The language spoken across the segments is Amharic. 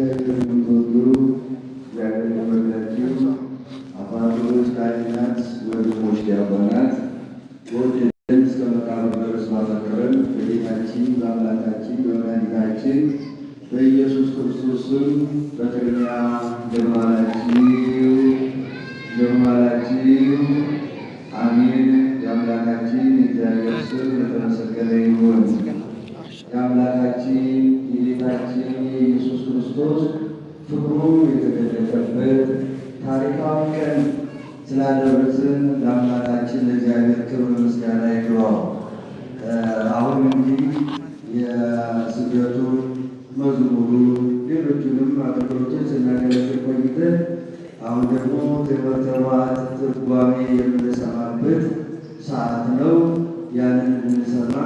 እግዚአብሔር የምትወዱ እግዚአብሔር የተመረጣችሁ አባቶች፣ ካህናት፣ ወንድሞች፣ ዲያቆናት በወደደን እስከ መቃብር ድረስ ባፈቀረን በጌታችን በአምላካችን በመድኃኒታችን በኢየሱስ ክርስቶስ ስም ስላደረስን ለአምላካችን ለእግዚአብሔር ክብር ምስጋና ይግባው። አሁን እንግዲህ የስገቱ መዝሙሩ፣ ሌሎቹንም አገልግሎቶች ስናገለግል ቆይተን አሁን ደግሞ ዘመተባት ትርጓሜ የምንሰማበት ሰዓት ነው። ያንን እንሰማ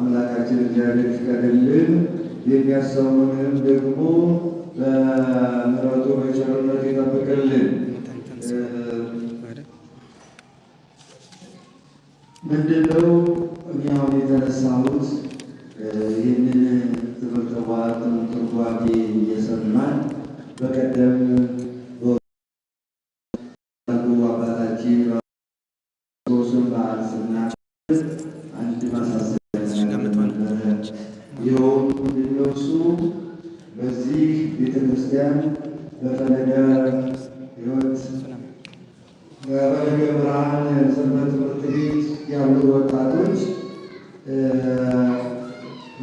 አምላካችን እግዚአብሔር ፍቀድልን። የሚያሰሙንም ደግሞ በምሕረቱ በቸርነቱ ይጠብቅልን። ምንድነው እኔ አሁን የተነሳሁት ይህንን ትምህርተ ኋት ትርጓሜ እየሰማን በቀደም አባታችን በዓል ስናገር አንድ ማሳሰቢያ እሱ በዚህ ቤተክርስቲያን በፈለገ ሕይወት በደብረ ብርሃን ሰንበት ትምህርት ቤት ያሉ ወጣቶች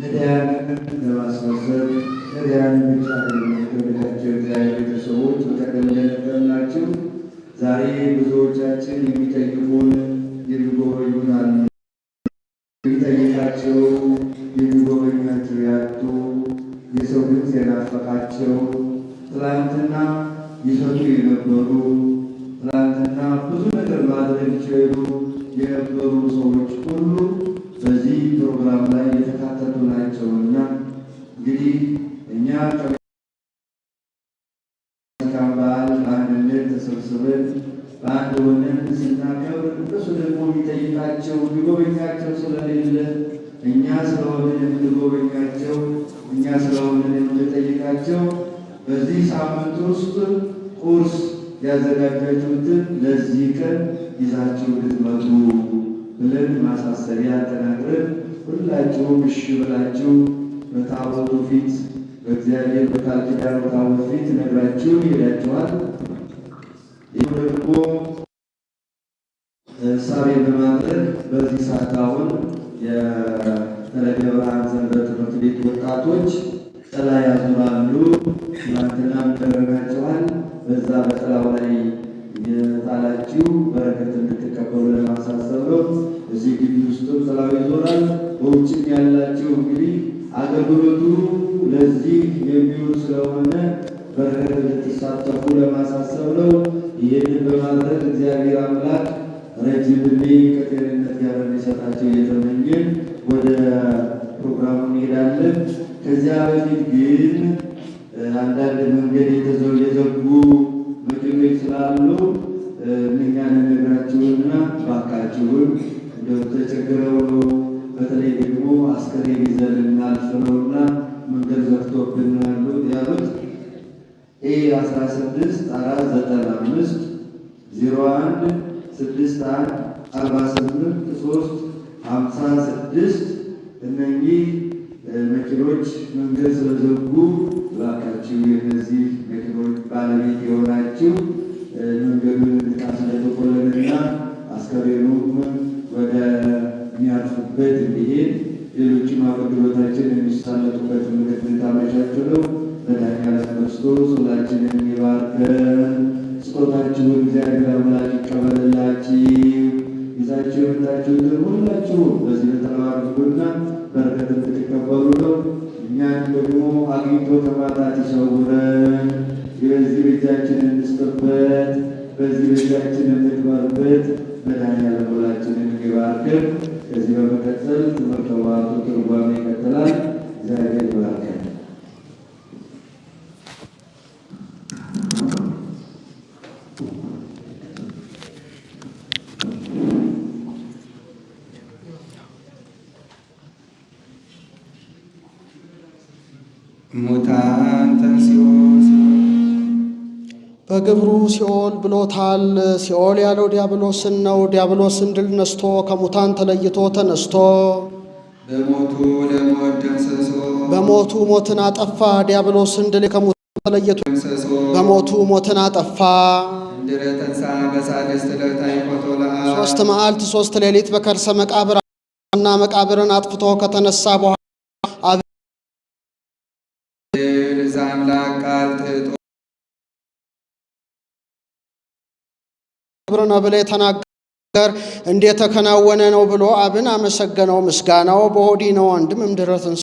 ነዳያንን ለማስመሰል ነዳያን ብቻ ለሚገበታቸው እግዚአብሔር ቤተሰቦች በቀደም ዛሬ ብዙዎቻችን የሚጠይቁን የሚጎበኙን የሚጠይቃቸው የሚጎበኟቸው ያጡ የሰው ድምፅ የናፈቃቸው ትላንትና ይሰጡ የነበሩ ትናንትና ብዙ ነገር ማድረግ የቻሉ የነበሩ ሰዎች ሁሉ በዚህ ፕሮግራም ላይ የተካተቱ ናቸው እንግዲህ እኛ መልካም በዓል በአንድነት ተሰብስበን በአንድ ሆነን ስናከብር እነሱ ደግሞ የሚጠይቃቸው የሚጎበኛቸው ስለሌለ እኛ ስለሆነ የምንጎበኛቸው እኛ ስለሆነ የምንጠይቃቸው በዚህ ሳምንት ውስጥ ቁርስ ያዘጋጃችሁትን ለዚህ ቀን ይዛችሁ ልትመጡ ብለን ማሳሰቢያ ተናግረን ሁላችሁም እሺ ብላችሁ በታቦቱ ፊት በእግዚአብሔር በቃል ኪዳን በታቦቱ ፊት ነግራችሁ ይሄዳችኋል። ይህ ደግሞ እሳቤ በማድረግ በዚህ ሰዓት አሁን የተለገ ብርሃን ሰንበት ትምህርት ቤት ወጣቶች ጥላ ያዙራሉ። እዚህ ግቢ ውስጥም ስራው ይዞራል። በውጭም ያላቸው እንግዲህ አገልግሎቱ ለዚህ የሚውል ስለሆነ በረከት ልትሳተፉ ለማሳሰብ ነው። ይህንን በማድረግ እግዚአብሔር አምላክ ረጅም ዕድሜ ከጤንነት ጋር እንዲሰጣቸው እየተመኘን ወደ ፕሮግራሙ እንሄዳለን። ከዚያ በፊት ግን አንዳንድ መንገድ የተዘ 16 495 01 61 48 3 56 እነኚህ መኪኖች መንገድ ስለዘጉ እባካችሁ የነዚህ መኪኖች ባለቤት የሆናችሁ መንገዱን ንቃት እንደተቆለለና አስከሬኑም ወደ እንዲሄድ ሌሎችም አገልግሎታችን የሚሳለጡበት ምልክት ታመቻቸው ነው። መድኃኒያስ ክርስቶስ ሁላችንን የሚባርከን ስጦታችሁን እግዚአብሔር አምላክ ይቀበልላችሁ። ይዛችሁ የመጣችሁትን ሁላችሁ በዚህ ተባረኩና በረከት እንድትቀበሉ ነው። እኛን ደግሞ አግኝቶ ከማጣት ይሰውረን። በዚህ በእጃችን እንስጥበት፣ በዚህ በእጃችን እንግባርበት። መድኃኒዓለም ሁላችንን የሚባርከን። ከዚህ በመቀጠል ትምህርተ ኅቡዓቱ ትርጓሜ ይቀጥላል። እግዚአብሔር ሙታን በግብሩ ሲኦል ብሎታል። ሲኦል ያለው ዲያብሎስን ነው። ዲያብሎስን ድል ነስቶ ከሙታን ተለይቶ ተነስቶ በሞቱ ለሞት ደምሰሶ በሞቱ ሞትን አጠፋ። ዲያብሎስን ድል ከሙታን ተለይቶ በሞቱ ሞትን አጠፋ። ሶስት መዓልት ሶስት ሌሊት በከርሰ መቃብር እና መቃብርን አጥፍቶ ከተነሳ በኋላ እዛ አምላክ ክብር ነው ብለህ ተናገር እንደተከናወነ ነው ብሎ አብን አመሰገነው። ምስጋናው በሆዲ ነው ወንድም እምድረትን